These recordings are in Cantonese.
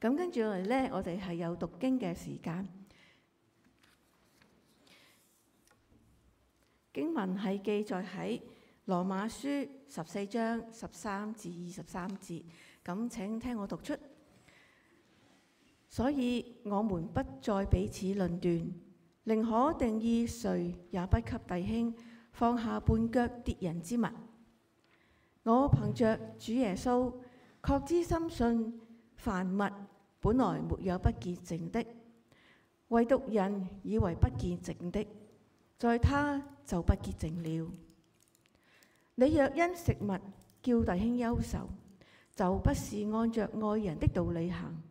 咁跟住落嚟呢，我哋係有讀經嘅時間。經文係記載喺《羅馬書》十四章十三至二十三節。咁請聽我讀出。所以我們不再彼此論斷，寧可定意誰也不給弟兄放下絆腳跌人之物。我憑著主耶穌確知深信凡物。本來沒有不潔淨的，唯獨人以為不潔淨的，在他就不潔淨了。你若因食物叫弟兄憂愁，就不是按着愛人的道理行。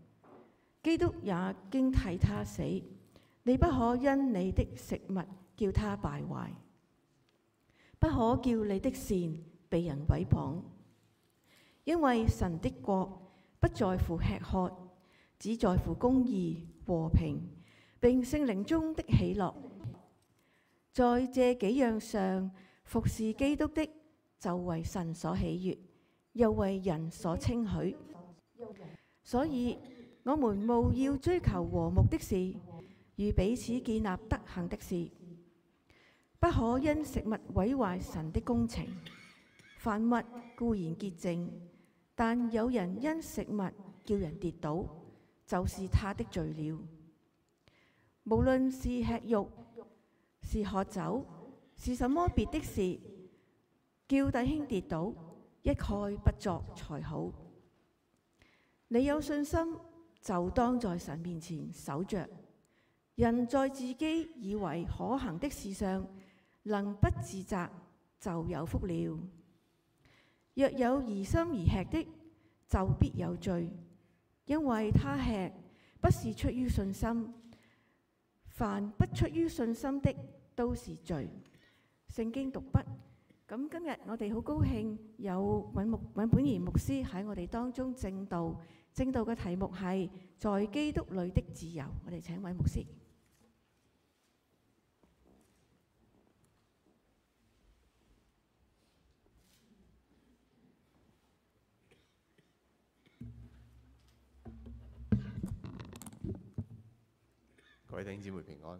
基督已經替他死，你不可因你的食物叫他敗壞，不可叫你的善被人毀謗，因為神的國不在乎吃喝。只在乎公義、和平，並聖靈中的喜樂。在這幾樣上服侍基督的，就為神所喜悅，又為人所稱許。所以我們務要追求和睦的事，與彼此建立德行的事，不可因食物毀壞神的工程。凡物固然潔淨，但有人因食物叫人跌倒。就是他的罪了。無論是吃肉，是喝酒，是什麼別的事，叫弟兄跌倒，一概不作才好。你有信心，就當在神面前守着。人在自己以為可行的事上，能不自責，就有福了。若有疑心而吃的，就必有罪。因為他吃不是出於信心，凡不出於信心的都是罪。聖經讀畢。咁今日我哋好高興有尹木尹本然牧師喺我哋當中證道，證道嘅題目係在基督裏的自由。我哋請尹牧師。弟兄姊妹平安，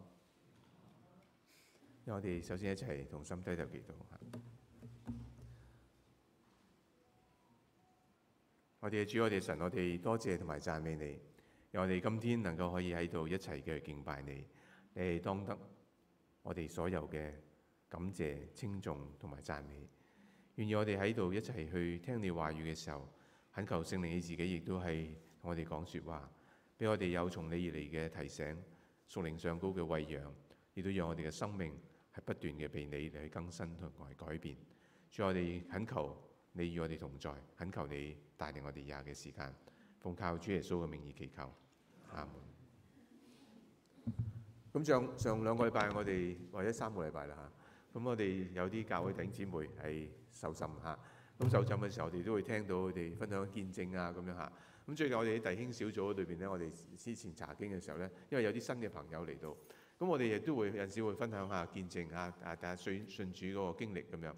因為我哋首先一齊同心低頭祈禱。 我哋嘅主，我哋神，我哋多謝同埋讚美你。因為我哋今天能夠可以喺度一齊嘅去敬拜你，你係當得我哋所有嘅感謝、稱頌同埋讚美。願意我哋喺度一齊去聽你話語嘅時候，懇求聖靈，你自己亦都係同我哋講説話，俾我哋有從你而嚟嘅提醒。屬靈上高嘅餵養，亦都讓我哋嘅生命係不斷嘅被你哋去更新同埋改變。主我哋懇求你與我哋同在，懇求你帶領我哋廿嘅時間。奉靠主耶穌嘅名義祈求，阿門。咁上上兩個禮拜，我哋或者三個禮拜啦嚇。咁我哋有啲教會弟兄姊妹係受浸嚇。咁受浸嘅時候，我哋都會聽到佢哋分享見證啊咁樣嚇。咁最近我哋喺弟兄小組裏邊咧，我哋之前查經嘅時候咧，因為有啲新嘅朋友嚟到，咁我哋亦都會有陣時會分享下見證啊啊，大家信信主嗰個經歷咁樣。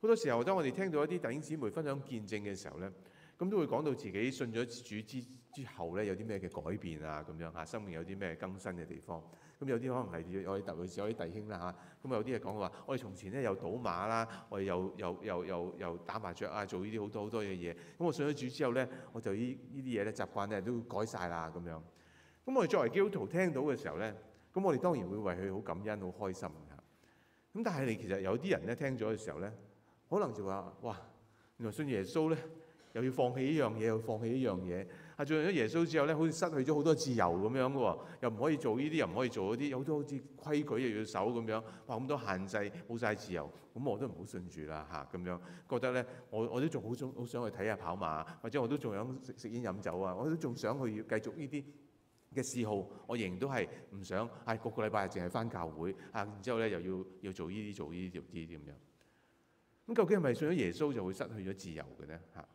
好多時候，當我哋聽到一啲弟兄姊妹分享見證嘅時候咧，咁都會講到自己信咗主之之後咧有啲咩嘅改變啊？咁樣嚇，生命有啲咩更新嘅地方？咁有啲可能係我哋特別有啲弟兄啦嚇，咁有啲嘢講話，我哋從前咧又賭馬啦，我哋又又又又又打麻雀啊，做呢啲好多好多嘅嘢。咁我上咗主之後咧，我就呢依啲嘢咧習慣咧都改晒啦咁樣。咁我哋作為基督徒聽到嘅時候咧，咁我哋當然會為佢好感恩、好開心嚇。咁但係你其實有啲人咧聽咗嘅時候咧，可能就話哇，原來信耶穌咧又要放棄呢樣嘢，又要放棄呢樣嘢。啊！信咗耶穌之後咧，好似失去咗好多自由咁樣嘅喎，又唔可以做呢啲，又唔可以做嗰啲，有好多好似規矩又要守咁樣，哇！咁多限制，冇晒自由，咁我都唔好信住啦嚇咁樣，覺得咧，我我都仲好想好想去睇下跑馬，或者我都仲想食食煙飲酒啊，我都仲想去繼續呢啲嘅嗜好，我仍然都係唔想，係個個禮拜淨係翻教會，啊，然之後咧又要要做呢啲做呢啲呢啲咁樣。咁究竟係咪信咗耶穌就會失去咗自由嘅咧？嚇！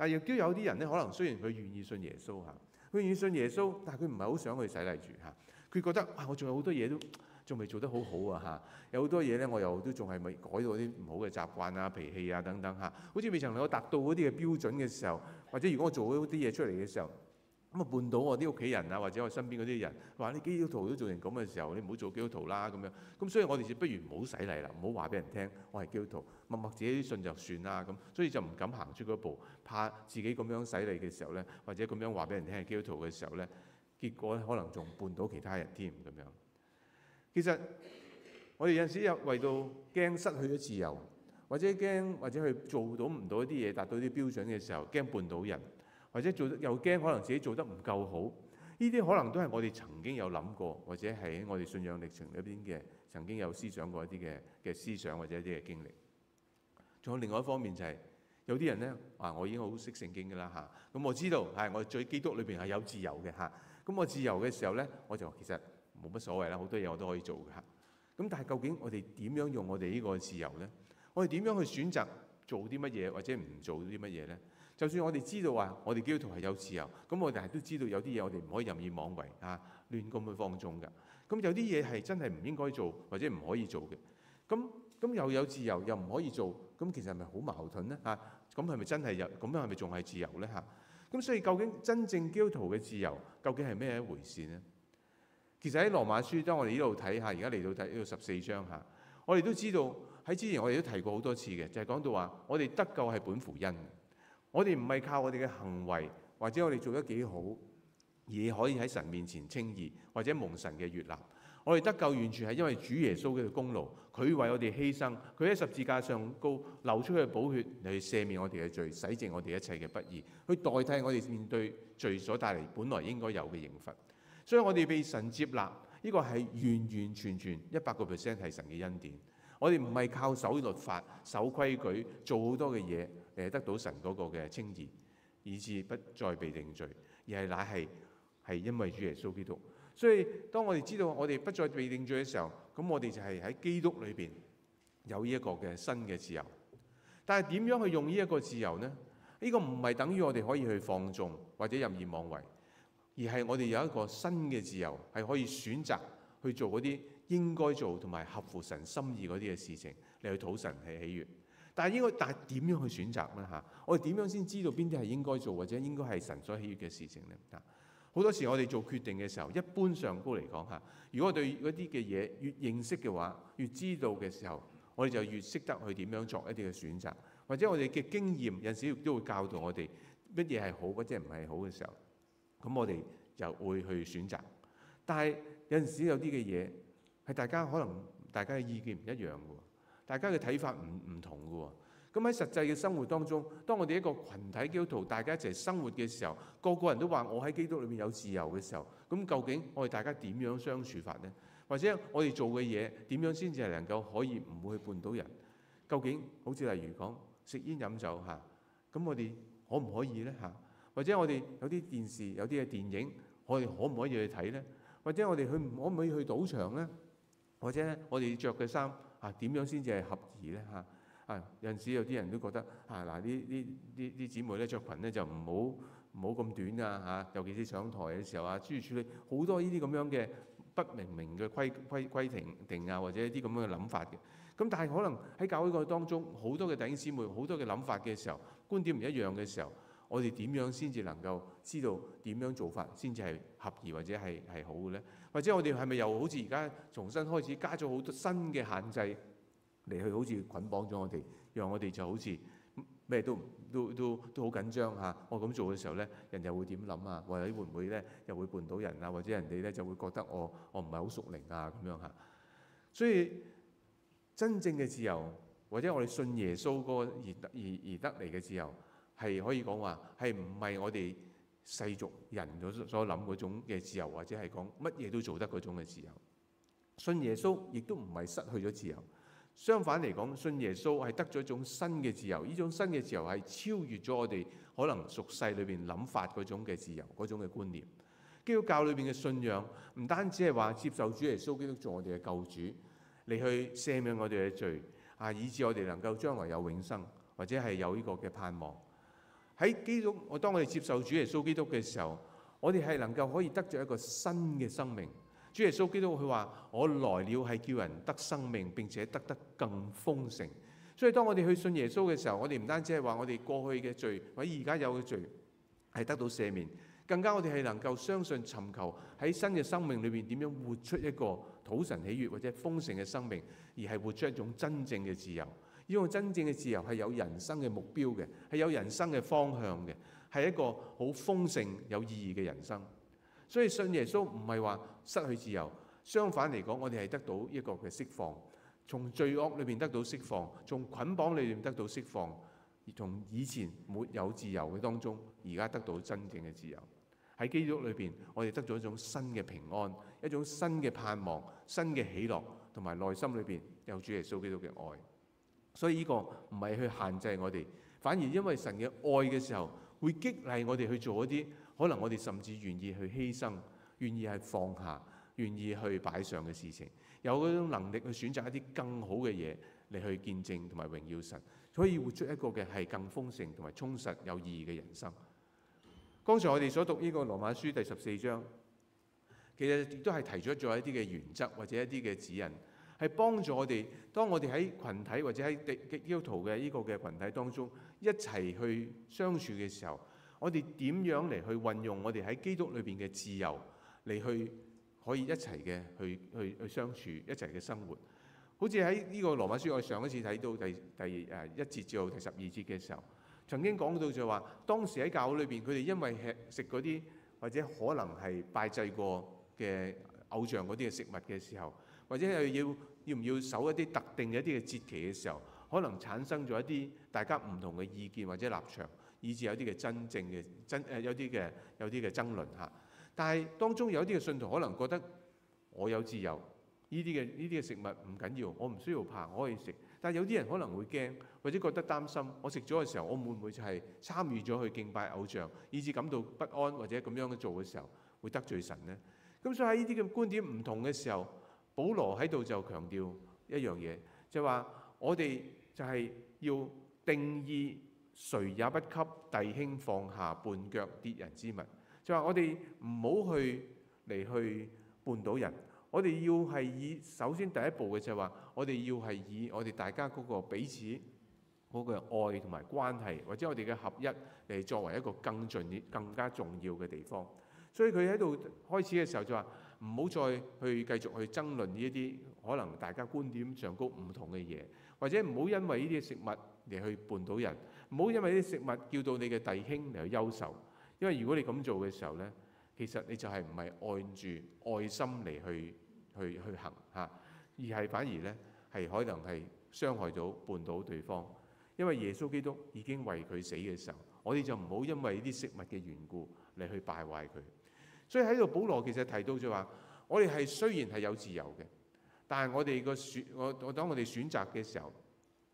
但亦都有啲人咧，可能雖然佢願意信耶穌嚇，佢願意信耶穌，但係佢唔係好想去洗禮住嚇。佢覺得哇，我仲有好多嘢都仲未做得好好啊嚇，有好多嘢咧，我又都仲係未改到啲唔好嘅習慣啊、脾氣啊等等嚇，好似未曾能夠達到嗰啲嘅標準嘅時候，或者如果我做咗嗰啲嘢出嚟嘅時候。咁啊，絆倒我啲屋企人啊，或者我身邊嗰啲人，話你基督徒都做成咁嘅時候，你唔好做基督徒啦咁樣。咁所以我哋不如唔好洗禮啦，唔好話俾人聽，我係基督徒，默默自己信就算啦咁。所以就唔敢行出嗰步，怕自己咁樣洗禮嘅時候咧，或者咁樣話俾人聽係基督徒嘅時候咧，結果可能仲絆倒其他人添咁樣。其實我哋有陣時又為到驚失去咗自由，或者驚或者去做到唔到啲嘢，達到啲標準嘅時候，驚絆倒人。或者做得又驚，可能自己做得唔夠好，呢啲可能都係我哋曾經有諗過，或者喺我哋信仰歷程裏邊嘅曾經有思想過一啲嘅嘅思想，或者一啲嘅經歷。仲有另外一方面就係、是、有啲人咧話、啊：我已經好識聖經㗎啦吓，咁、啊、我知道係我喺基督裏邊係有自由嘅吓，咁、啊、我自由嘅時候咧，我就其實冇乜所謂啦，好多嘢我都可以做嘅吓。咁、啊、但係究竟我哋點樣用我哋呢個自由咧？我哋點樣去選擇做啲乜嘢，或者唔做啲乜嘢咧？就算我哋知道話，我哋基督徒係有自由，咁我哋係都知道有啲嘢我哋唔可以任意妄為啊，亂咁去放縱㗎。咁有啲嘢係真係唔應該做，或者唔可以做嘅。咁咁又有自由，又唔可以做，咁其實係咪好矛盾咧？嚇，咁係咪真係又咁樣係咪仲係自由咧？嚇，咁所以究竟真正基督徒嘅自由究竟係咩一回事呢？其實喺羅馬書當我哋呢度睇下，而家嚟到睇呢度十四章嚇，我哋都知道喺之前我哋都提過好多次嘅，就係、是、講到話我哋得救係本乎恩。我哋唔係靠我哋嘅行為或者我哋做得幾好，而可以喺神面前稱義或者蒙神嘅悅納。我哋得救完全係因為主耶穌嘅功勞，佢為我哋犧牲，佢喺十字架上高流出去嘅寶血嚟赦免我哋嘅罪，洗淨我哋一切嘅不義，去代替我哋面對罪所帶嚟本來應該有嘅刑罰。所以我哋被神接納，呢、這個係完完全全一百個 percent 係神嘅恩典。我哋唔係靠守律法、守規矩、做好多嘅嘢。誒，得到神嗰個嘅稱義，以致不再被定罪，而係乃係係因為主耶穌基督。所以當我哋知道我哋不再被定罪嘅時候，咁我哋就係喺基督裏邊有呢一個嘅新嘅自由。但係點樣去用呢一個自由呢？呢、呢個唔係等於我哋可以去放縱或者任意妄為，而係我哋有一個新嘅自由，係可以選擇去做嗰啲應該做同埋合乎神心意嗰啲嘅事情，嚟去討神嘅喜悦。但係應該，但係點樣去選擇咧？嚇、啊！我哋點樣先知道邊啲係應該做，或者應該係神所喜悅嘅事情呢？嚇、啊！好多時我哋做決定嘅時候，一般上高嚟講嚇，如果對嗰啲嘅嘢越認識嘅話，越知道嘅時候，我哋就越識得去點樣作一啲嘅選擇，或者我哋嘅經驗有陣時亦都會教導我哋乜嘢係好，或者唔係好嘅時候，咁我哋就會去選擇。但係有陣時有啲嘅嘢係大家可能大家嘅意見唔一樣喎。大家嘅睇法唔唔同嘅喎，咁喺實際嘅生活當中，當我哋一個群體基督徒大家一齊生活嘅時候，個個人都話我喺基督裏面有自由嘅時候，咁究竟我哋大家點樣相處法呢？或者我哋做嘅嘢點樣先至係能夠可以唔會去絆倒人？究竟好似例如講食煙飲酒嚇，咁、啊、我哋可唔可以呢？嚇、啊？或者我哋有啲電視有啲嘅電影，我哋可唔可以去睇呢？或者我哋去可唔可以去賭場呢？或者我哋着嘅衫？啊，點樣先至係合宜咧？嚇！啊，有、啊、陣時有啲人都覺得，啊嗱，呢呢呢啲姊妹咧着裙咧就唔好唔好咁短啊！嚇，尤其是上台嘅時候啊，諸如此類，好多呢啲咁樣嘅不明明嘅規規規定定啊，或者啲咁樣嘅諗法嘅。咁但係可能喺教會嘅當中，好多嘅弟兄姊妹，好多嘅諗法嘅時候，觀點唔一樣嘅時候。我哋點樣先至能夠知道點樣做法先至係合宜或者係係好嘅咧？或者我哋係咪又好似而家重新開始加咗好多新嘅限制嚟去，好似捆綁咗我哋，讓我哋就好似咩都都都都好緊張吓。我咁做嘅時候咧，人又會點諗啊？或者會唔會咧又會絆到人啊？或者人哋咧就會覺得我我唔係好屬靈啊咁樣吓。所以真正嘅自由，或者我哋信耶穌嗰個而而而得嚟嘅自由。係可以講話係唔係我哋世俗人所所諗嗰種嘅自由，或者係講乜嘢都做得嗰種嘅自由。信耶穌亦都唔係失去咗自由，相反嚟講，信耶穌係得咗一種新嘅自由。呢種新嘅自由係超越咗我哋可能俗世裏邊諗法嗰種嘅自由，嗰種嘅觀念。基督教裏邊嘅信仰，唔單止係話接受主耶穌基督做我哋嘅救主，嚟去赦免我哋嘅罪，啊，以至我哋能夠將來有永生，或者係有呢個嘅盼望。喺基督，我當我哋接受主耶穌基督嘅時候，我哋係能夠可以得著一個新嘅生命。主耶穌基督佢話：我來了係叫人得生命，並且得得更豐盛。所以當我哋去信耶穌嘅時候，我哋唔單止係話我哋過去嘅罪或者而家有嘅罪係得到赦免，更加我哋係能夠相信尋求喺新嘅生命裏邊點樣活出一個討神喜悅或者豐盛嘅生命，而係活出一種真正嘅自由。因為真正嘅自由係有人生嘅目標嘅，係有人生嘅方向嘅，係一個好豐盛有意義嘅人生。所以信耶穌唔係話失去自由，相反嚟講，我哋係得到一個嘅釋放，從罪惡裏邊得到釋放，從捆綁裏邊得到釋放，而從以前沒有自由嘅當中，而家得到真正嘅自由。喺基督裏邊，我哋得到一種新嘅平安，一種新嘅盼望、新嘅喜樂，同埋內心裏邊有主耶穌基督嘅愛。所以呢個唔係去限制我哋，反而因為神嘅愛嘅時候，會激勵我哋去做一啲可能我哋甚至願意去犧牲、願意係放下、願意去擺上嘅事情，有嗰種能力去選擇一啲更好嘅嘢嚟去見證同埋榮耀神，所以活出一個嘅係更豐盛同埋充實有意義嘅人生。剛才我哋所讀呢個羅馬書第十四章，其實都係提出咗一啲嘅原則或者一啲嘅指引。係幫助我哋，當我哋喺群體或者喺地基督徒嘅呢個嘅群體當中一齊去相處嘅時候，我哋點樣嚟去運用我哋喺基督裏邊嘅自由嚟去可以一齊嘅去去去相處，一齊嘅生活。好似喺呢個羅馬書，我上一次睇到第第誒一節至到第十二節嘅時候，曾經講到就係話，當時喺教會裏邊佢哋因為食食嗰啲或者可能係拜祭過嘅偶像嗰啲嘅食物嘅時候，或者係要。要唔要守一啲特定嘅一啲嘅節期嘅時候，可能產生咗一啲大家唔同嘅意見或者立場，以至有啲嘅真正嘅真誒有啲嘅有啲嘅爭論嚇。但係當中有啲嘅信徒可能覺得我有自由，呢啲嘅呢啲嘅食物唔緊要，我唔需要怕，我可以食。但係有啲人可能會驚，或者覺得擔心，「我食咗嘅時候我會唔會就係參與咗去敬拜偶像，以至感到不安或者咁樣去做嘅時候會得罪神呢？」咁所以喺呢啲嘅觀點唔同嘅時候。保羅喺度就強調一樣嘢，就係話，我哋就係要定意誰也不給弟兄放下絆腳跌人之物，就係話，我哋唔好去嚟去絆倒人，我哋要係以首先第一步嘅就話，我哋要係以我哋大家嗰個彼此嗰個愛同埋關係，或者我哋嘅合一嚟作為一個更緊、更加重要嘅地方。所以佢喺度開始嘅時候就話，唔好再去繼續去爭論呢一啲可能大家觀點上高唔同嘅嘢，或者唔好因為呢啲食物嚟去絆倒人，唔好因為呢啲食物叫到你嘅弟兄嚟去憂愁。因為如果你咁做嘅時候呢，其實你就係唔係按住愛心嚟去去去行吓，而係反而呢係可能係傷害到絆倒對方。因為耶穌基督已經為佢死嘅時候，我哋就唔好因為呢啲食物嘅緣故嚟去敗壞佢。所以喺度，保羅其實提到就話：我哋係雖然係有自由嘅，但係我哋個選，我我當我哋選擇嘅時候，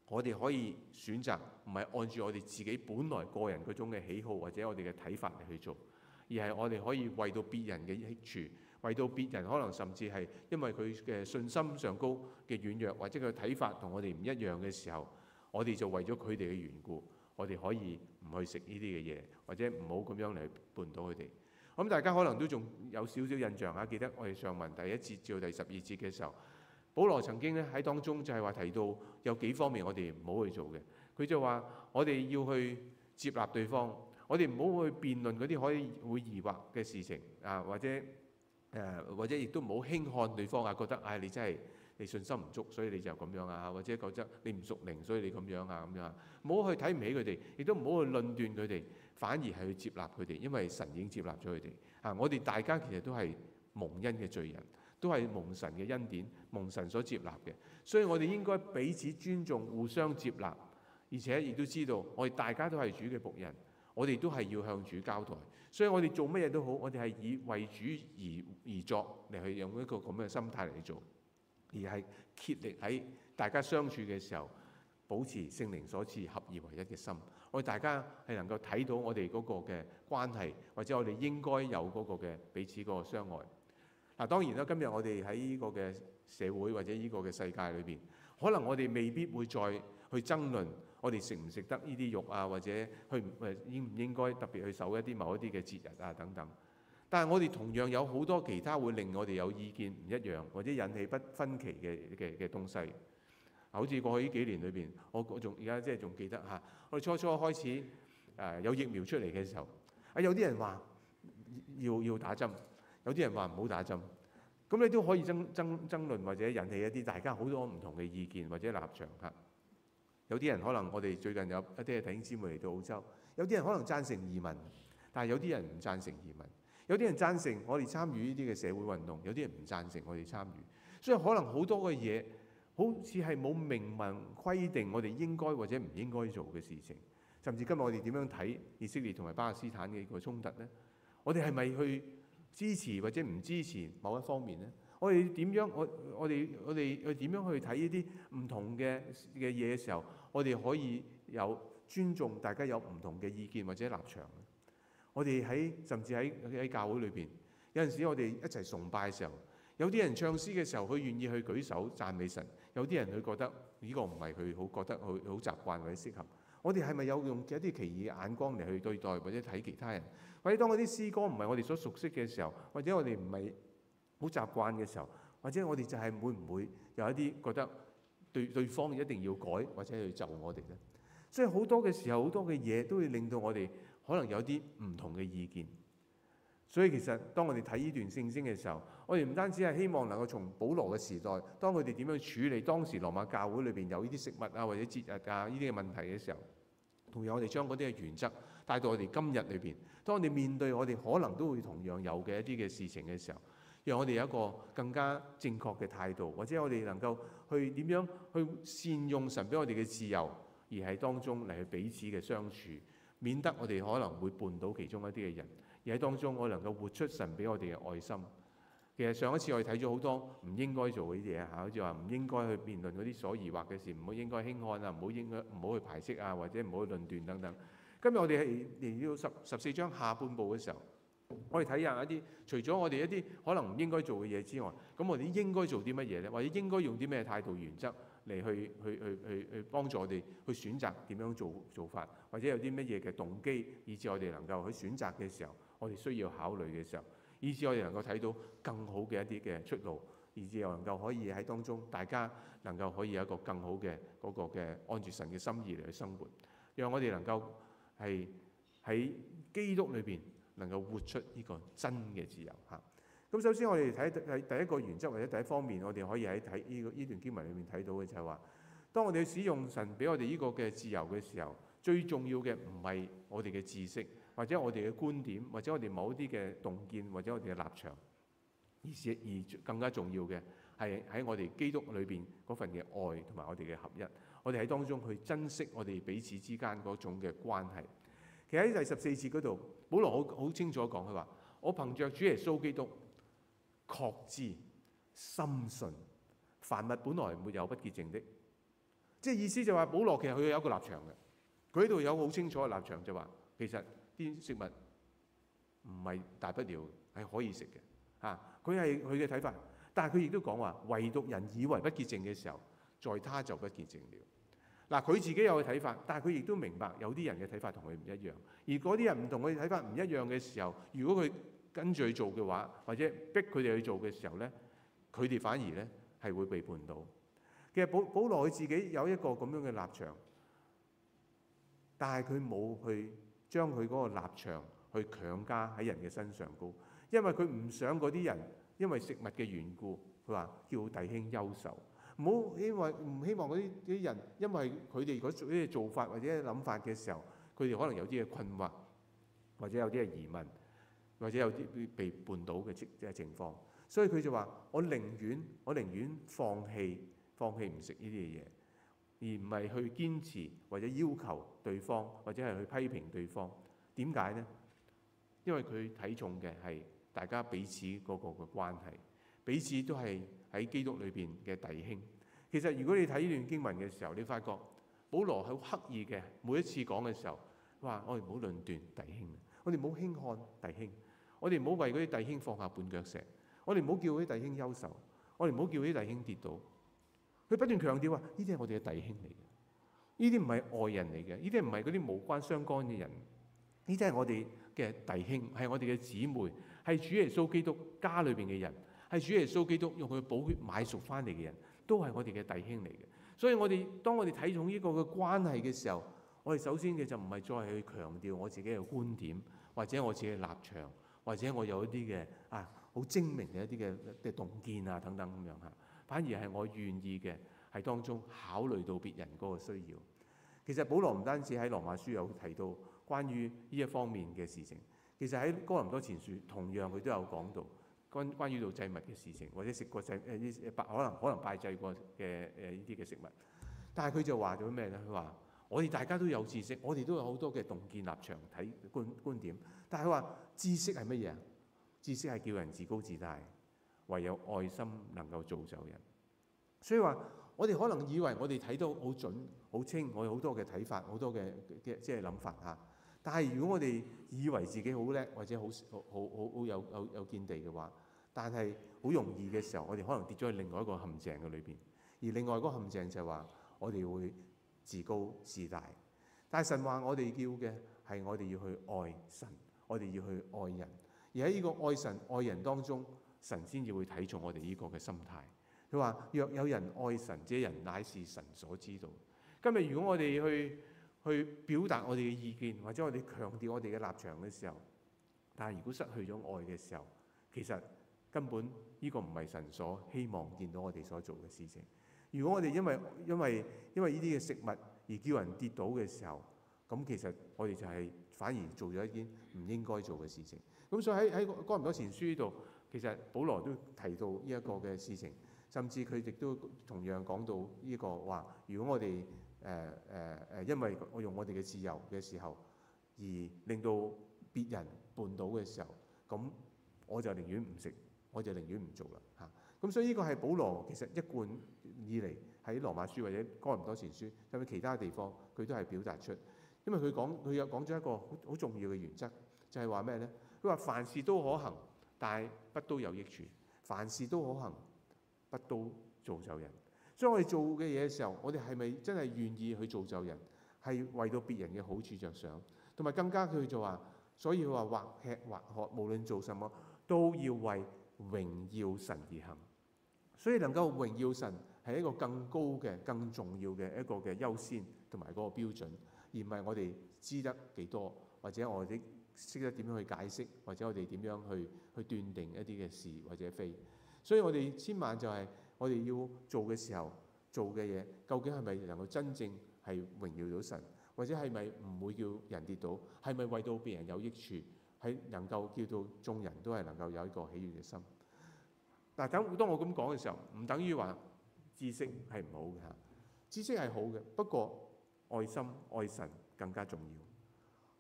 我哋可以選擇唔係按住我哋自己本來個人嗰種嘅喜好或者我哋嘅睇法嚟去做，而係我哋可以為到別人嘅益處，為到別人可能甚至係因為佢嘅信心上高嘅軟弱，或者佢嘅睇法同我哋唔一樣嘅時候，我哋就為咗佢哋嘅緣故，我哋可以唔去食呢啲嘅嘢，或者唔好咁樣嚟絆到佢哋。咁大家可能都仲有少少印象啊，記得我哋上文第一節至第十二節嘅時候，保羅曾經咧喺當中就係話提到有幾方面我哋唔好去做嘅。佢就話我哋要去接納對方，我哋唔好去辯論嗰啲可以會疑惑嘅事情啊，或者誒，或者亦都唔好輕看對方啊，覺得唉你真係你信心唔足，所以你就咁樣啊，或者覺得你唔屬靈，所以你咁樣啊咁樣啊，唔好去睇唔起佢哋，亦都唔好去論斷佢哋。反而係去接納佢哋，因為神已經接納咗佢哋。啊，我哋大家其實都係蒙恩嘅罪人，都係蒙神嘅恩典、蒙神所接納嘅。所以我哋應該彼此尊重、互相接納，而且亦都知道我哋大家都係主嘅僕人，我哋都係要向主交代。所以我哋做乜嘢都好，我哋係以為主而而作，嚟去用一個咁嘅心態嚟做，而係竭力喺大家相處嘅時候保持聖靈所賜合而為一嘅心。我哋大家係能夠睇到我哋嗰個嘅關係，或者我哋應該有嗰個嘅彼此嗰個相愛。嗱，當然啦，今日我哋喺呢個嘅社會或者呢個嘅世界裏邊，可能我哋未必會再去爭論我哋食唔食得呢啲肉啊，或者去應唔應該特別去守一啲某一啲嘅節日啊等等。但係我哋同樣有好多其他會令我哋有意見唔一樣，或者引起不分歧嘅嘅嘅東西。好似過去呢幾年裏邊，我我仲而家即係仲記得嚇。我哋初初開始誒有疫苗出嚟嘅時候，啊有啲人話要要打針，有啲人話唔好打針。咁你都可以爭爭爭論或者引起一啲大家好多唔同嘅意見或者立場嚇。有啲人可能我哋最近有一啲弟兄姊妹嚟到澳洲，有啲人可能贊成移民，但係有啲人唔贊成移民。有啲人贊成我哋參與呢啲嘅社會運動，有啲人唔贊成我哋參與。所以可能好多嘅嘢。好似係冇明文規定我哋應該或者唔應該做嘅事情，甚至今日我哋點樣睇以色列同埋巴勒斯坦嘅一個衝突咧？我哋係咪去支持或者唔支持某一方面咧？我哋點樣？我我哋我哋我點樣去睇呢啲唔同嘅嘅嘢嘅時候？我哋可以有尊重大家有唔同嘅意見或者立場。我哋喺甚至喺喺教會裏邊，有陣時我哋一齊崇拜嘅時候，有啲人唱詩嘅時候，佢願意去舉手讚美神。有啲人佢覺得呢個唔係佢好覺得佢好習慣或者適合，我哋係咪有用一啲奇異眼光嚟去對待或者睇其他人？或者當嗰啲詩歌唔係我哋所熟悉嘅時候，或者我哋唔係好習慣嘅時候，或者我哋就係會唔會有一啲覺得對對方一定要改或者去就我哋咧？即係好多嘅時候，好多嘅嘢都會令到我哋可能有啲唔同嘅意見。所以其實當我哋睇呢段聖經嘅時候，我哋唔單止係希望能夠從保羅嘅時代，當佢哋點樣處理當時羅馬教會裏邊有呢啲食物啊或者節日啊呢啲嘅問題嘅時候，同樣我哋將嗰啲嘅原則帶到我哋今日裏邊，當我哋面對我哋可能都會同樣有嘅一啲嘅事情嘅時候，讓我哋有一個更加正確嘅態度，或者我哋能夠去點樣去善用神俾我哋嘅自由，而喺當中嚟去彼此嘅相處，免得我哋可能會絆倒其中一啲嘅人。喺當中，我能夠活出神俾我哋嘅愛心。其實上一次我哋睇咗好多唔應該做嘅嘢吓，好似話唔應該去辯論嗰啲所疑惑嘅事，唔好應該輕看啊，唔好應該唔好去排斥啊，或者唔好去論斷等等。今日我哋係連到十十四章下半部嘅時候，我哋睇下一啲除咗我哋一啲可能唔應該做嘅嘢之外，咁我哋應該做啲乜嘢咧？或者應該用啲咩態度、原則嚟去去去去去幫助我哋去選擇點樣做做法，或者有啲乜嘢嘅動機，以致我哋能夠去選擇嘅時候。我哋需要考慮嘅時候，以至我哋能夠睇到更好嘅一啲嘅出路，以至又能夠可以喺當中大家能夠可以有一個更好嘅嗰個嘅按住神嘅心意嚟去生活，讓我哋能夠係喺基督裏邊能夠活出呢個真嘅自由嚇。咁首先我哋睇喺第一個原則或者第一方面，我哋可以喺睇呢個呢段經文裏面睇到嘅就係話，當我哋使用神俾我哋呢個嘅自由嘅時候，最重要嘅唔係我哋嘅知識。或者我哋嘅觀點，或者我哋某一啲嘅洞見，或者我哋嘅立場，而且而更加重要嘅係喺我哋基督裏邊嗰份嘅愛同埋我哋嘅合一，我哋喺當中去珍惜我哋彼此之間嗰種嘅關係。其實喺第十四節嗰度，保羅好好清楚講，佢話：我憑着主耶穌基督確知深信，凡物本來沒有不潔淨的。即係意思就話，保羅其實佢有一個立場嘅，佢喺度有好清楚嘅立場就，就話其實。啲食物唔係大不了，係可以食嘅嚇。佢係佢嘅睇法，但係佢亦都講話：唯獨人以為不潔淨嘅時候，在他就不潔淨了。嗱，佢自己有個睇法，但係佢亦都明白有啲人嘅睇法同佢唔一樣。而嗰啲人唔同佢嘅睇法唔一樣嘅時候，如果佢跟住去做嘅話，或者逼佢哋去做嘅時候咧，佢哋反而咧係會被判到嘅。其實保保羅佢自己有一個咁樣嘅立場，但係佢冇去。將佢嗰個立場去強加喺人嘅身上高，因為佢唔想嗰啲人因為食物嘅緣故，佢話叫弟兄憂愁，唔好希望唔希望嗰啲啲人因為佢哋如果嗰啲嘅做法或者諗法嘅時候，佢哋可能有啲嘅困惑，或者有啲嘅疑問，或者有啲被被絆倒嘅即係情況，所以佢就話：我寧願我寧願放棄放棄唔食呢啲嘢。而唔係去堅持或者要求對方，或者係去批評對方。點解呢？因為佢睇重嘅係大家彼此嗰個嘅關係，彼此都係喺基督裏邊嘅弟兄。其實如果你睇呢段經文嘅時候，你發覺保羅好刻意嘅每一次講嘅時候，話我哋唔好論斷弟兄，我哋唔好輕看弟兄，我哋唔好為嗰啲弟兄放下絆腳石，我哋唔好叫啲弟兄憂愁，我哋唔好叫啲弟，弟兄跌倒。佢不斷強調話：呢啲係我哋嘅弟兄嚟嘅，呢啲唔係外人嚟嘅，呢啲唔係嗰啲無關相干嘅人，呢啲係我哋嘅弟兄，係我哋嘅姊妹，係主耶穌基督家裏邊嘅人，係主耶穌基督用佢寶血買贖翻嚟嘅人，都係我哋嘅弟兄嚟嘅。所以我哋當我哋睇重呢個嘅關係嘅時候，我哋首先嘅就唔係再去強調我自己嘅觀點，或者我自己嘅立場，或者我有一啲嘅啊好精明嘅一啲嘅嘅洞見啊等等咁樣吓。反而係我願意嘅，係當中考慮到別人嗰個需要。其實保羅唔單止喺羅馬書有提到關於呢一方面嘅事情，其實喺哥林多前書同樣佢都有講到關關於到祭物嘅事情，或者食過祭誒啲、呃、可能可能拜祭過嘅誒呢啲嘅食物。但係佢就話咗咩咧？佢話：我哋大家都有知識，我哋都有好多嘅洞見立場睇觀觀點。但係佢話知識係乜嘢？知識係叫人自高自大。唯有愛心能夠造就人，所以話我哋可能以為我哋睇到好準、好清，我有好多嘅睇法、好多嘅嘅即係諗法嚇。但係如果我哋以為自己好叻或者好好好好好有有有見地嘅話，但係好容易嘅時候，我哋可能跌咗去另外一個陷阱嘅裏邊。而另外嗰個陷阱就係話我哋會自高自大。但神話我哋要嘅係我哋要去愛神，我哋要去愛人。而喺呢個愛神愛人當中。神先至會睇重我哋呢個嘅心態。佢話：若有人愛神，這人乃是神所知道。今日如果我哋去去表達我哋嘅意見，或者我哋強調我哋嘅立場嘅時候，但係如果失去咗愛嘅時候，其實根本呢個唔係神所希望見到我哋所做嘅事情。如果我哋因為因為因為呢啲嘅食物而叫人跌倒嘅時候，咁其實我哋就係反而做咗一件唔應該做嘅事情。咁所以喺喺《哥林多前書》呢度。其實保羅都提到呢一個嘅事情，甚至佢亦都同樣講到呢、呢個話，如果我哋誒誒誒，因為我用我哋嘅自由嘅時候，而令到別人絆倒嘅時候，咁我就寧願唔食，我就寧願唔做啦嚇。咁、啊、所以呢個係保羅其實一貫以嚟喺羅馬書或者哥林多前書甚至其他地方，佢都係表達出，因為佢講佢有講咗一個好好重要嘅原則，就係話咩咧？佢話凡事都可行。但係不都有益處，凡事都可行，不都造就人。所以我哋做嘅嘢嘅時候，我哋係咪真係願意去造就人，係為到別人嘅好處着想，同埋更加佢就話，所以佢話或吃或喝，無論做什麼都要為榮耀神而行。所以能夠榮耀神係一個更高嘅、更重要嘅一個嘅優先同埋嗰個標準，而唔係我哋知得幾多或者我哋。識得點樣去解釋，或者我哋點樣去去斷定一啲嘅事或者非，所以我哋千萬就係我哋要做嘅時候做嘅嘢，究竟係咪能夠真正係榮耀到神，或者係咪唔會叫人跌倒，係咪為到別人有益處，係能夠叫到眾人都係能夠有一個喜悅嘅心。但係咁當我咁講嘅時候，唔等於話知識係唔好嘅嚇，知識係好嘅，不過愛心愛神更加重要。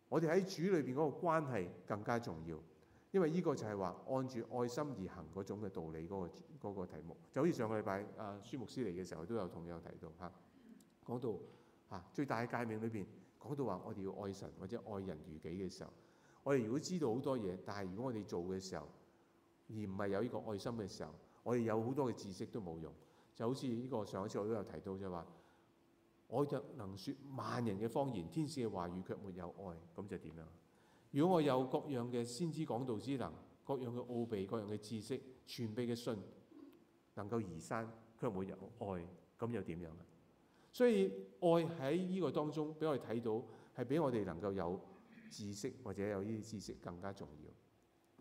我哋喺主裏邊嗰個關係更加重要，因為呢個就係話按住愛心而行嗰種嘅道理嗰、嗰個嗰、嗰個、題目，就好似上個禮拜啊舒牧師嚟嘅時候都有同樣提到嚇，講、啊、到嚇、啊、最大嘅誡命裏邊講到話我哋要愛神或者愛人如己嘅時候，我哋如果知道好多嘢，但係如果我哋做嘅時候而唔係有呢個愛心嘅時候，我哋有好多嘅知識都冇用，就好似呢個上一次我都有提到就話。我若能説萬人嘅方言，天使嘅話語卻沒有愛，咁就點樣？如果我有各樣嘅先知講道之能，各樣嘅奧秘、各樣嘅知識、全備嘅信，能夠移山，卻沒有愛，咁又點樣咧？所以愛喺呢個當中，俾我哋睇到係比我哋能夠有知識或者有呢啲知識更加重要。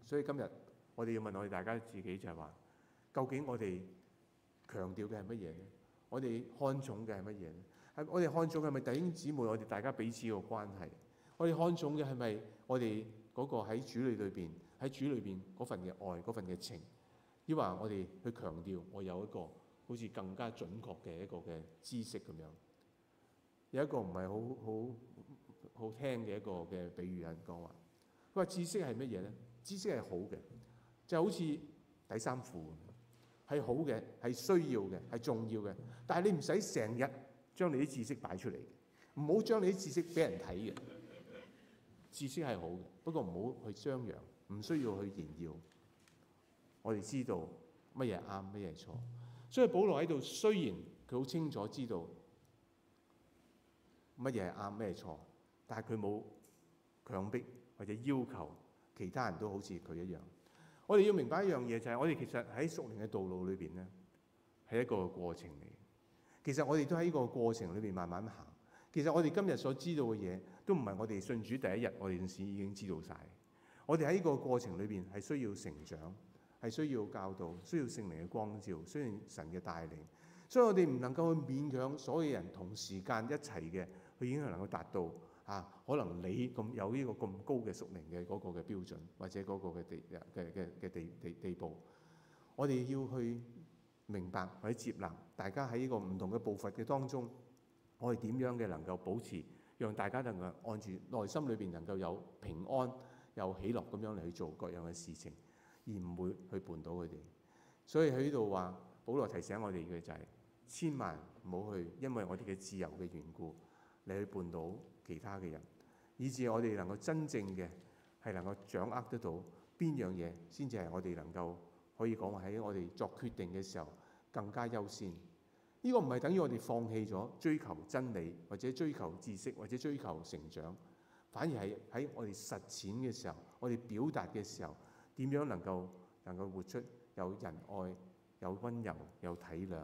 所以今日我哋要問我哋大家自己就係話：究竟我哋強調嘅係乜嘢咧？我哋看重嘅係乜嘢？係我哋看重嘅係咪弟兄姊妹？我哋大家彼此個關係，我哋看重嘅係咪我哋嗰個喺主裏邊喺主裏邊嗰份嘅愛、嗰份嘅情，抑或我哋去強調我有一個好似更加準確嘅一個嘅知識咁樣？有一個唔係好好好聽嘅一個嘅比喻，人講話，佢話知識係乜嘢咧？知識係好嘅，就好似底衫褲，係好嘅、係需要嘅、係重要嘅，但係你唔使成日。將你啲知識擺出嚟，唔好將你啲知識俾人睇嘅。知識係好嘅，不過唔好去張揚，唔需要去炫耀。我哋知道乜嘢係啱，乜嘢係錯。所以保羅喺度，雖然佢好清楚知道乜嘢係啱，乜嘢錯，但係佢冇強迫或者要求其他人都好似佢一樣。我哋要明白一樣嘢就係、是，我哋其實喺屬靈嘅道路裏邊咧，係一個過程嚟。其實我哋都喺呢個過程裏邊慢慢行。其實我哋今日所知道嘅嘢，都唔係我哋信主第一日我哋陣時已經知道晒，我哋喺呢個過程裏邊係需要成長，係需要教導，需要聖靈嘅光照，需要神嘅帶領。所以我哋唔能夠去勉強所有人同時間一齊嘅，佢已經能夠達到啊。可能你咁有呢個咁高嘅屬靈嘅嗰個嘅標準，或者嗰個嘅地嘅嘅嘅地地地步，我哋要去。明白或者接納大家喺呢個唔同嘅步伐嘅當中，我哋點樣嘅能夠保持，讓大家能夠按住內心裏邊能夠有平安有喜樂咁樣嚟去做各樣嘅事情，而唔會去絆倒佢哋。所以喺呢度話，保羅提醒我哋嘅就係、是：千萬唔好去，因為我哋嘅自由嘅緣故嚟去絆倒其他嘅人，以至我哋能夠真正嘅係能夠掌握得到邊樣嘢先至係我哋能夠。可以講話喺我哋作決定嘅時候更加優先。呢個唔係等於我哋放棄咗追求真理，或者追求知識，或者追求成長，反而係喺我哋實踐嘅時候，我哋表達嘅時候點樣能夠能夠活出有仁愛、有温柔、有體諒、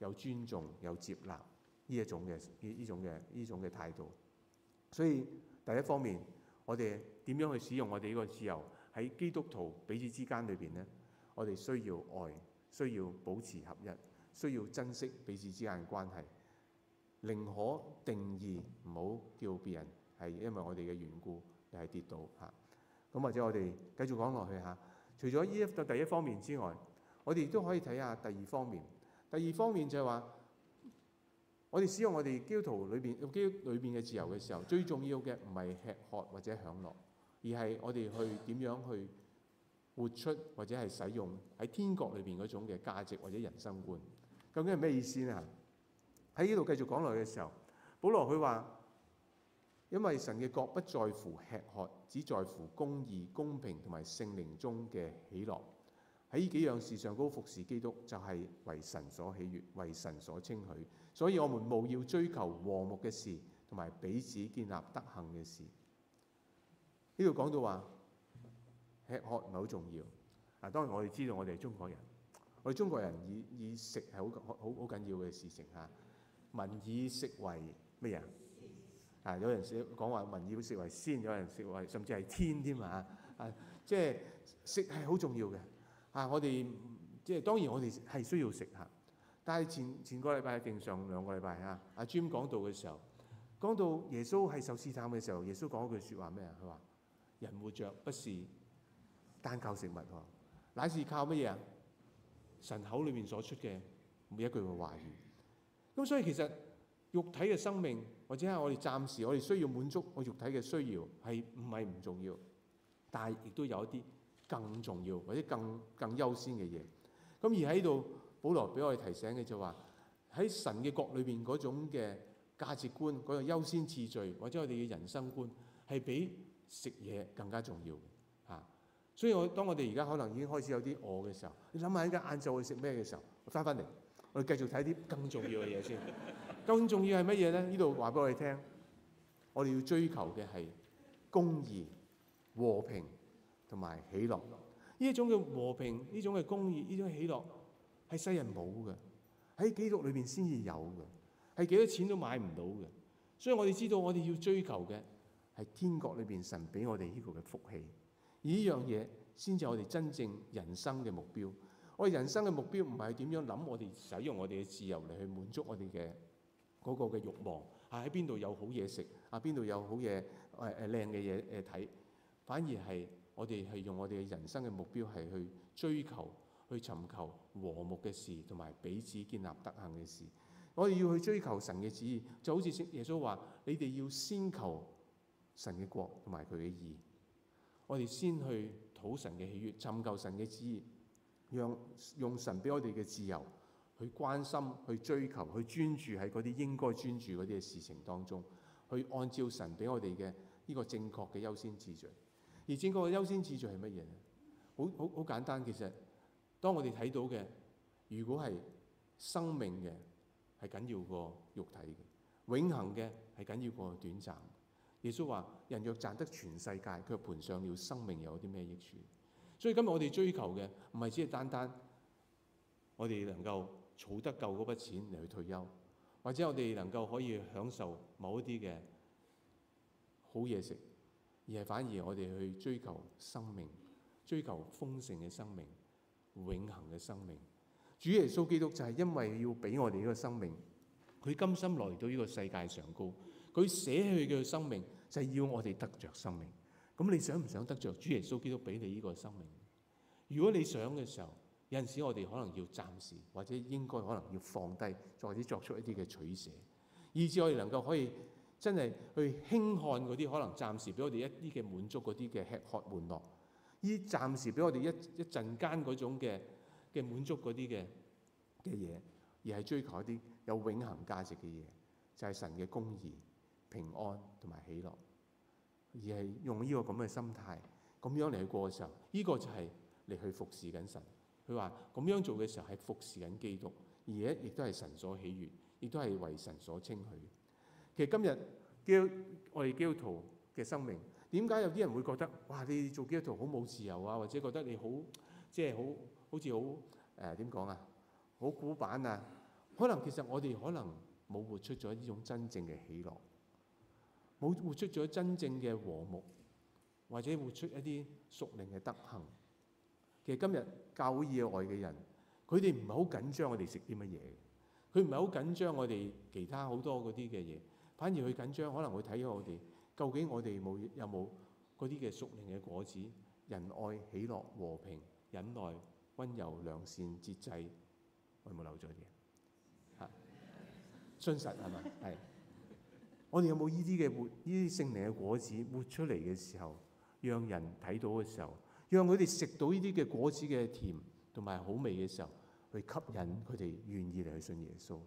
有尊重、有接納呢一種嘅呢呢種嘅呢種嘅態度。所以第一方面，我哋點樣去使用我哋呢個自由喺基督徒彼此之間裏邊呢？我哋需要愛，需要保持合一，需要珍惜彼此之間嘅關係。寧可定義，唔好叫別人係因為我哋嘅緣故又係跌倒吓。咁或者我哋繼續講落去吓。除咗呢一個第一方面之外，我哋亦都可以睇下第二方面。第二方面就係話，我哋使用我哋基督徒裏邊、基督徒裏邊嘅自由嘅時候，最重要嘅唔係吃喝或者享樂，而係我哋去點樣去。活出或者係使用喺天國裏邊嗰種嘅價值或者人生觀，究竟係咩意思呢？喺呢度繼續講落去嘅時候，保羅佢話：因為神嘅國不在乎吃喝，只在乎公義、公平同埋聖靈中嘅喜樂。喺呢幾樣事上高服侍基督，就係為神所喜悅，為神所稱許。所以我們務要追求和睦嘅事，同埋彼此建立德行嘅事。呢度講到話。吃喝唔係好重要，嗱、啊，當然我哋知道我哋係中國人，我哋中國人以以食係好好好好緊要嘅事情嚇、啊。民以食為乜嘢啊？有人講話民以食為先，有人食為甚至係天添啊！啊，即係食係好重要嘅嚇、啊。我哋即係當然我哋係需要食嚇、啊，但係前前個禮拜定上兩個禮拜啊，阿 Jim 講到嘅時候，講到耶穌係受試探嘅時候，耶穌講一句説話咩啊？佢話：人活着不是，單靠食物乃是靠乜嘢啊？神口裏面所出嘅每一句嘅話語。咁所以其實肉體嘅生命或者係我哋暫時我哋需要滿足我肉體嘅需要係唔係唔重要？但係亦都有一啲更重要或者更更優先嘅嘢。咁而喺度，保羅俾我哋提醒嘅就話喺神嘅國裏邊嗰種嘅價值觀，嗰個優先次序，或者我哋嘅人生觀係比食嘢更加重要。所以我當我哋而家可能已經開始有啲餓嘅時候，你諗下依家晏晝我食咩嘅時候？翻返嚟，我哋繼續睇啲更重要嘅嘢先。 更重要係乜嘢咧？呢度話俾我哋聽，我哋要追求嘅係公義、和平同埋喜樂。依種嘅和平、呢種嘅公義、呢種喜樂，係世人冇嘅，喺基督裏邊先至有嘅，係幾多錢都買唔到嘅。所以我哋知道，我哋要追求嘅係天國裏邊神俾我哋呢個嘅福氣。呢樣嘢先至係我哋真正人生嘅目標。我哋人生嘅目標唔係點樣諗？我哋使用我哋嘅自由嚟去滿足我哋嘅嗰個嘅慾望。啊，喺邊度有好嘢食？啊，邊度有好嘢誒、誒、靚嘅嘢誒睇？反而係我哋係用我哋嘅人生嘅目標係去追求、去尋求和睦嘅事，同埋彼此建立德行嘅事。我哋要去追求神嘅旨意，就好似耶穌話：你哋要先求神嘅國同埋佢嘅義。我哋先去討神嘅喜悅，尋求神嘅旨意，讓用神俾我哋嘅自由去關心、去追求、去專注喺嗰啲應該專注嗰啲嘅事情當中，去按照神俾我哋嘅呢個正確嘅優先次序。而正確嘅優先次序係乜嘢咧？好好好簡單，其實當我哋睇到嘅，如果係生命嘅係緊要過肉體嘅，永恆嘅係緊要過短暫。耶穌話：人若賺得全世界，佢盤上了生命，有啲咩益處？所以今日我哋追求嘅唔係只係單單我哋能夠儲得夠嗰筆錢嚟去退休，或者我哋能夠可以享受某一啲嘅好嘢食，而係反而我哋去追求生命，追求豐盛嘅生命、永恒嘅生命。主耶穌基督就係因為要俾我哋呢個生命，佢甘心來到呢個世界上高，佢捨去嘅生命。就係要我哋得着生命，咁你想唔想得着？主耶穌基督俾你呢個生命。如果你想嘅時候，有陣時我哋可能要暫時，或者應該可能要放低，再或者作出一啲嘅取捨，以至我哋能夠可以真係去輕看嗰啲可能暫時俾我哋一啲嘅滿足，嗰啲嘅吃喝玩樂，依暫時俾我哋一一陣間嗰種嘅嘅滿足嗰啲嘅嘅嘢，而係追求一啲有永恆價值嘅嘢，就係神嘅公義。平安同埋喜樂，而係用呢個咁嘅心態咁樣嚟去過嘅時候，呢個就係嚟去服侍緊神。佢話咁樣做嘅時候係服侍緊基督，而咧亦都係神所喜悅，亦都係為神所稱許。其實今日叫我哋基督徒嘅生命，點解有啲人會覺得哇？你做基督徒好冇自由啊，或者覺得你、即係、好即係好好似好誒？點、呃、講啊？好古板啊？可能其實我哋可能冇活出咗呢種真正嘅喜樂。冇活出咗真正嘅和睦，或者活出一啲屬靈嘅德行。其實今日教會以外嘅人，佢哋唔係好緊張我哋食啲乜嘢，佢唔係好緊張我哋其他好多嗰啲嘅嘢，反而佢緊張可能會睇我哋究竟我哋冇有冇嗰啲嘅屬靈嘅果子，仁愛喜樂和平、忍耐、溫柔、良善、節制，我有冇留咗啲嘢？嚇， 信實係嘛？係。 我哋有冇呢啲嘅活呢啲聖靈嘅果子活出嚟，嘅時候，讓人睇到嘅時候，讓佢哋食到呢啲嘅果子嘅甜同埋好味嘅時候，去吸引佢哋願意嚟去信耶穌。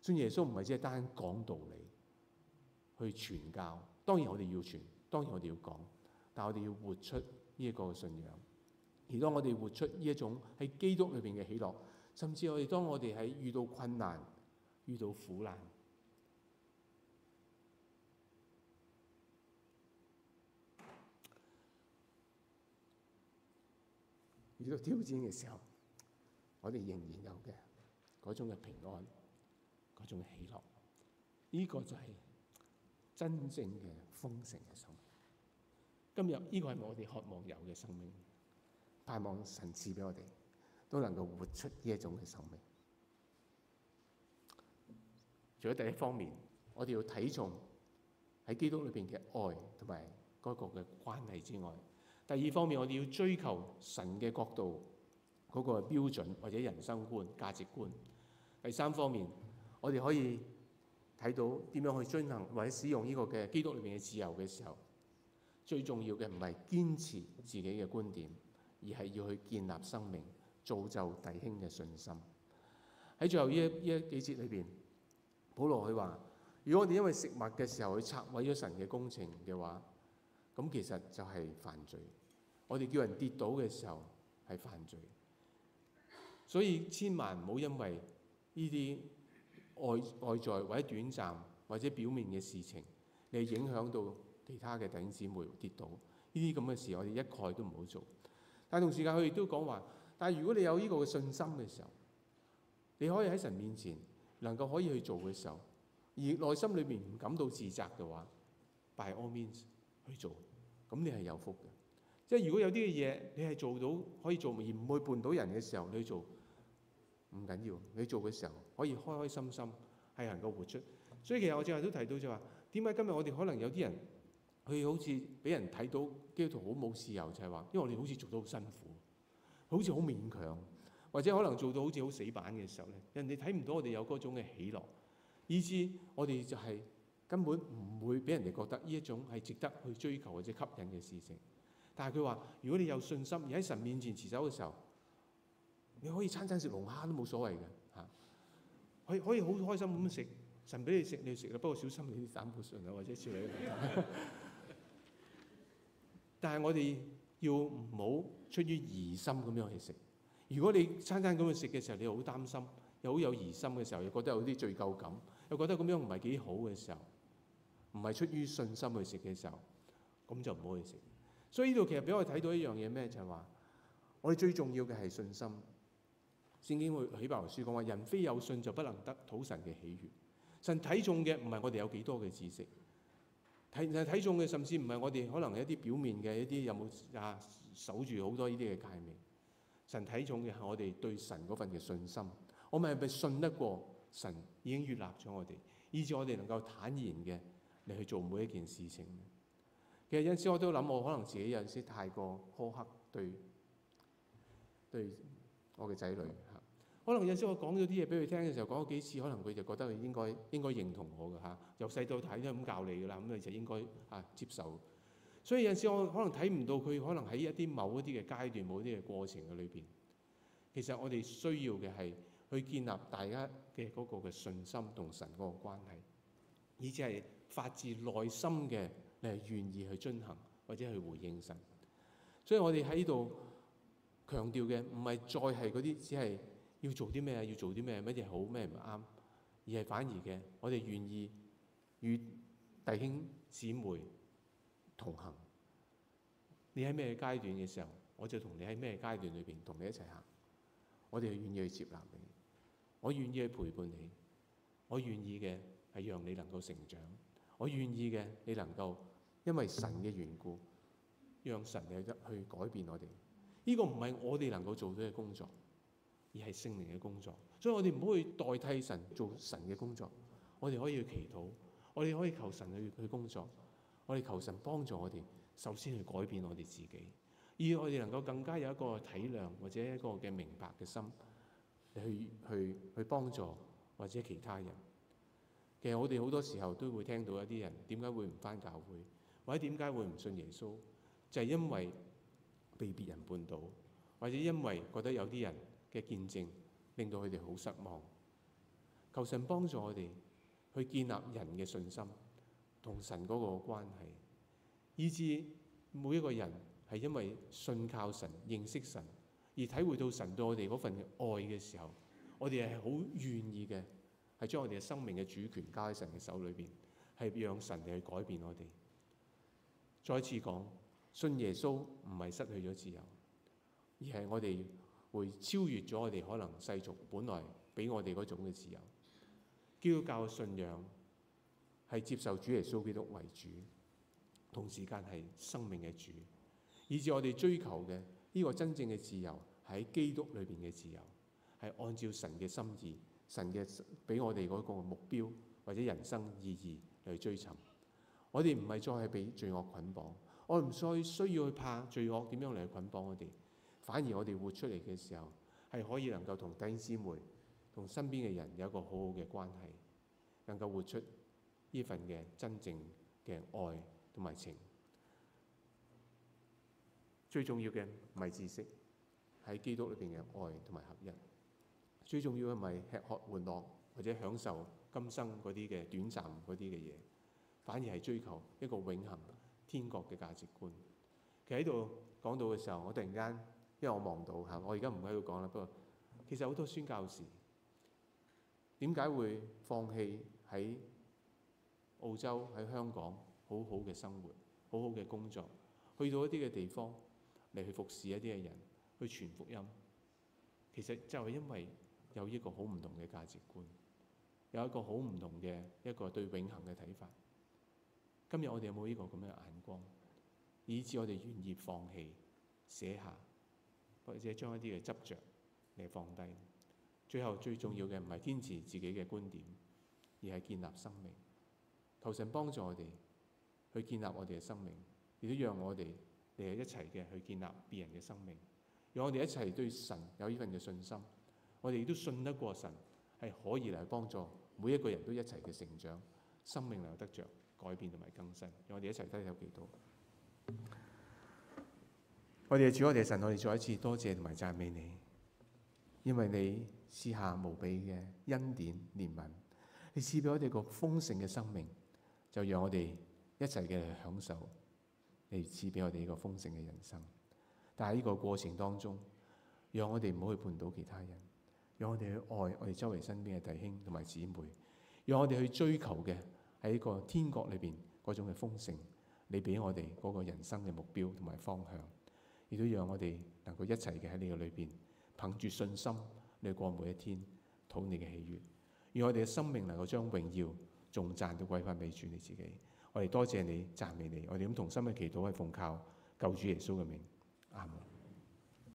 信耶穌唔係只係單講道理，去傳教。當然我哋要傳，當然我哋要講，但係我哋要活出呢一個信仰。而當我哋活出呢一種喺基督裏邊嘅喜樂，甚至我哋當我哋喺遇到困難、遇到苦難。遇到挑戰嘅時候，我哋仍然有嘅嗰種嘅平安，嗰種嘅喜樂，呢個就係真正嘅豐盛嘅生命。今日呢個係我哋渴望有嘅生命，盼望神賜俾我哋都能夠活出呢一種嘅生命。除咗第一方面，我哋要睇重喺基督裏邊嘅愛同埋嗰個嘅關係之外。第二方面，我哋要追求神嘅角度嗰個標準或者人生觀、價值觀。第三方面，我哋可以睇到點樣去遵行或者使用呢個嘅基督裏邊嘅自由嘅時候，最重要嘅唔係堅持自己嘅觀點，而係要去建立生命、造就弟兄嘅信心。喺最後呢一呢一幾節裏邊，保羅佢話，如果我哋因為食物嘅時候去拆毀咗神嘅工程嘅話，咁其實就係犯罪。我哋叫人跌倒嘅時候係犯罪，所以千萬唔好因為呢啲外外在或者短暫或者表面嘅事情，你影響到其他嘅弟兄姊妹跌倒。呢啲咁嘅事我哋一概都唔好做。但同時間佢哋都講話，但係如果你有呢個信心嘅時候，你可以喺神面前能夠可以去做嘅時候，而內心裏邊唔感到自責嘅話，by all means 去做，咁你係有福嘅。即係如果有啲嘅嘢，你係做到可以做，而唔會絆到人嘅時候，你做唔緊要。你做嘅時候可以開開心心，係能夠活出。所以其實我正話都提到就話，點解今日我哋可能有啲人佢好似俾人睇到基督徒好冇自由，就係話，因為我哋好似做到好辛苦，好似好勉強，或者可能做到好似好死板嘅時候咧，人哋睇唔到我哋有嗰種嘅喜樂，以致我哋就係根本唔會俾人哋覺得呢一種係值得去追求或者吸引嘅事情。但係佢話：如果你有信心而喺神面前持守嘅時候，你可以餐餐食龍蝦都冇所謂嘅嚇、啊。可可以好開心咁食，神俾你食，你食啦。不過小心你啲膽固醇啊，或者少啲、啊。 但係我哋要唔好出於疑心咁樣去食。如果你餐餐咁去食嘅時候，你好擔心又好有疑心嘅時候，又覺得有啲罪疚感，又覺得咁樣唔係幾好嘅時候，唔係出於信心去食嘅時候，咁就唔好去食。所以呢度其實俾我睇到一樣嘢咩？就係話，我哋最重要嘅係信心。聖經會希伯來書講話：人非有信就不能得討神嘅喜悅。神睇重嘅唔係我哋有幾多嘅知識，睇睇重嘅甚至唔係我哋可能一啲表面嘅一啲有冇啊守住好多呢啲嘅誡命。神睇重嘅係我哋對神嗰份嘅信心。我咪係咪信得過神已經預立咗我哋，以致我哋能夠坦然嘅嚟去做每一件事情。其實有陣時我都諗，我可能自己有陣時太過苛刻，對對我嘅仔女吓。可能有陣時我講咗啲嘢俾佢聽嘅時候，講咗幾次，可能佢就覺得佢應該應該認同我嘅吓。由細到大都係咁教你㗎啦，咁你就應該啊接受。所以有陣時我可能睇唔到佢，可能喺一啲某一啲嘅階段、某一啲嘅過程嘅裏邊，其實我哋需要嘅係去建立大家嘅嗰個嘅信心同神嗰個關係，以致係發自內心嘅。你係願意去遵行或者去回應神，所以我哋喺呢度強調嘅唔係再係嗰啲，只係要做啲咩啊，要做啲咩，乜嘢好，咩唔啱，而係反而嘅，我哋願意與弟兄姊妹同行。你喺咩階段嘅時候，我就同你喺咩階段裏邊同你一齊行。我哋願意去接納你，我願意去陪伴你，我願意嘅係讓你能夠成長，我願意嘅你能夠。因為神嘅緣故，讓神嚟去改變我哋。呢個唔係我哋能夠做到嘅工作，而係聖靈嘅工作。所以我哋唔可以代替神做神嘅工作。我哋可以去祈禱，我哋可以求神去去工作。我哋求神幫助我哋，首先去改變我哋自己，而我哋能夠更加有一個體諒或者一個嘅明白嘅心，去去去幫助或者其他人。其實我哋好多時候都會聽到一啲人點解會唔返教會。點解會唔信耶穌？就係因為被別人絆倒，或者因為覺得有啲人嘅見證令到佢哋好失望。求神幫助我哋去建立人嘅信心同神嗰個關係，以致每一個人係因為信靠神、認識神而體會到神對我哋嗰份愛嘅時候，我哋係好願意嘅，係將我哋嘅生命嘅主權交喺神嘅手裏邊，係讓神嚟去改變我哋。再次講，信耶穌唔係失去咗自由，而係我哋會超越咗我哋可能世俗本來俾我哋嗰種嘅自由。基督教嘅信仰係接受主耶穌基督為主，同時間係生命嘅主，以至我哋追求嘅呢個真正嘅自由係喺基督裏邊嘅自由，係按照神嘅心意、神嘅俾我哋嗰個目標或者人生意義嚟追尋。我哋唔係再係畀罪惡捆綁，我唔再需要去怕罪惡點樣嚟去捆綁我哋，反而我哋活出嚟嘅時候，係可以能夠同弟兄姊妹、同身邊嘅人有一個好好嘅關係，能夠活出呢份嘅真正嘅愛同埋情。最重要嘅唔係知識，喺基督裏邊嘅愛同埋合一。最重要嘅唔係吃喝玩樂或者享受今生嗰啲嘅短暫嗰啲嘅嘢。反而係追求一個永恆天國嘅價值觀。其實喺度講到嘅時候，我突然間，因為我望到吓，我而家唔喺度講啦。不過其實好多宣教士點解會放棄喺澳洲喺香港好好嘅生活，好好嘅工作，去到一啲嘅地方嚟去服侍一啲嘅人去傳福音？其實就係因為有一個好唔同嘅價值觀，有一個好唔同嘅一個對永恆嘅睇法。今日我哋有冇呢個咁樣嘅眼光，以致我哋願意放棄寫下，或者將一啲嘅執着嚟放低。最後最重要嘅唔係堅持自己嘅觀點，而係建立生命。求神幫助我哋去建立我哋嘅生命，亦都讓我哋嚟一齊嘅去建立別人嘅生命。讓我哋一齊對神有呢份嘅信心，我哋亦都信得過神係可以嚟幫助每一個人都一齊嘅成長，生命留得着，改變同埋更新，讓我哋一齊睇有幾多？我哋嘅主，我哋嘅神，我哋再一次多謝同埋讚美你，因為你賜下無比嘅恩典、憐憫，你賜俾我哋個豐盛嘅生命，就讓我哋一齊嘅享受你賜俾我哋呢個豐盛嘅人生。但係呢個過程當中，讓我哋唔好去判到其他人，讓我哋去愛我哋周圍身邊嘅弟兄同埋姊妹，讓我哋去追求嘅。喺個天國裏邊嗰種嘅豐盛，你俾我哋嗰個人生嘅目標同埋方向，亦都讓我哋能夠一齊嘅喺你裏邊，憑住信心你過每一天，討你嘅喜悅，讓我哋嘅生命能夠將榮耀仲贊到歸翻俾主你自己。我哋多謝你，讚美你，我哋咁同心嘅祈禱係奉靠救主耶穌嘅名。阿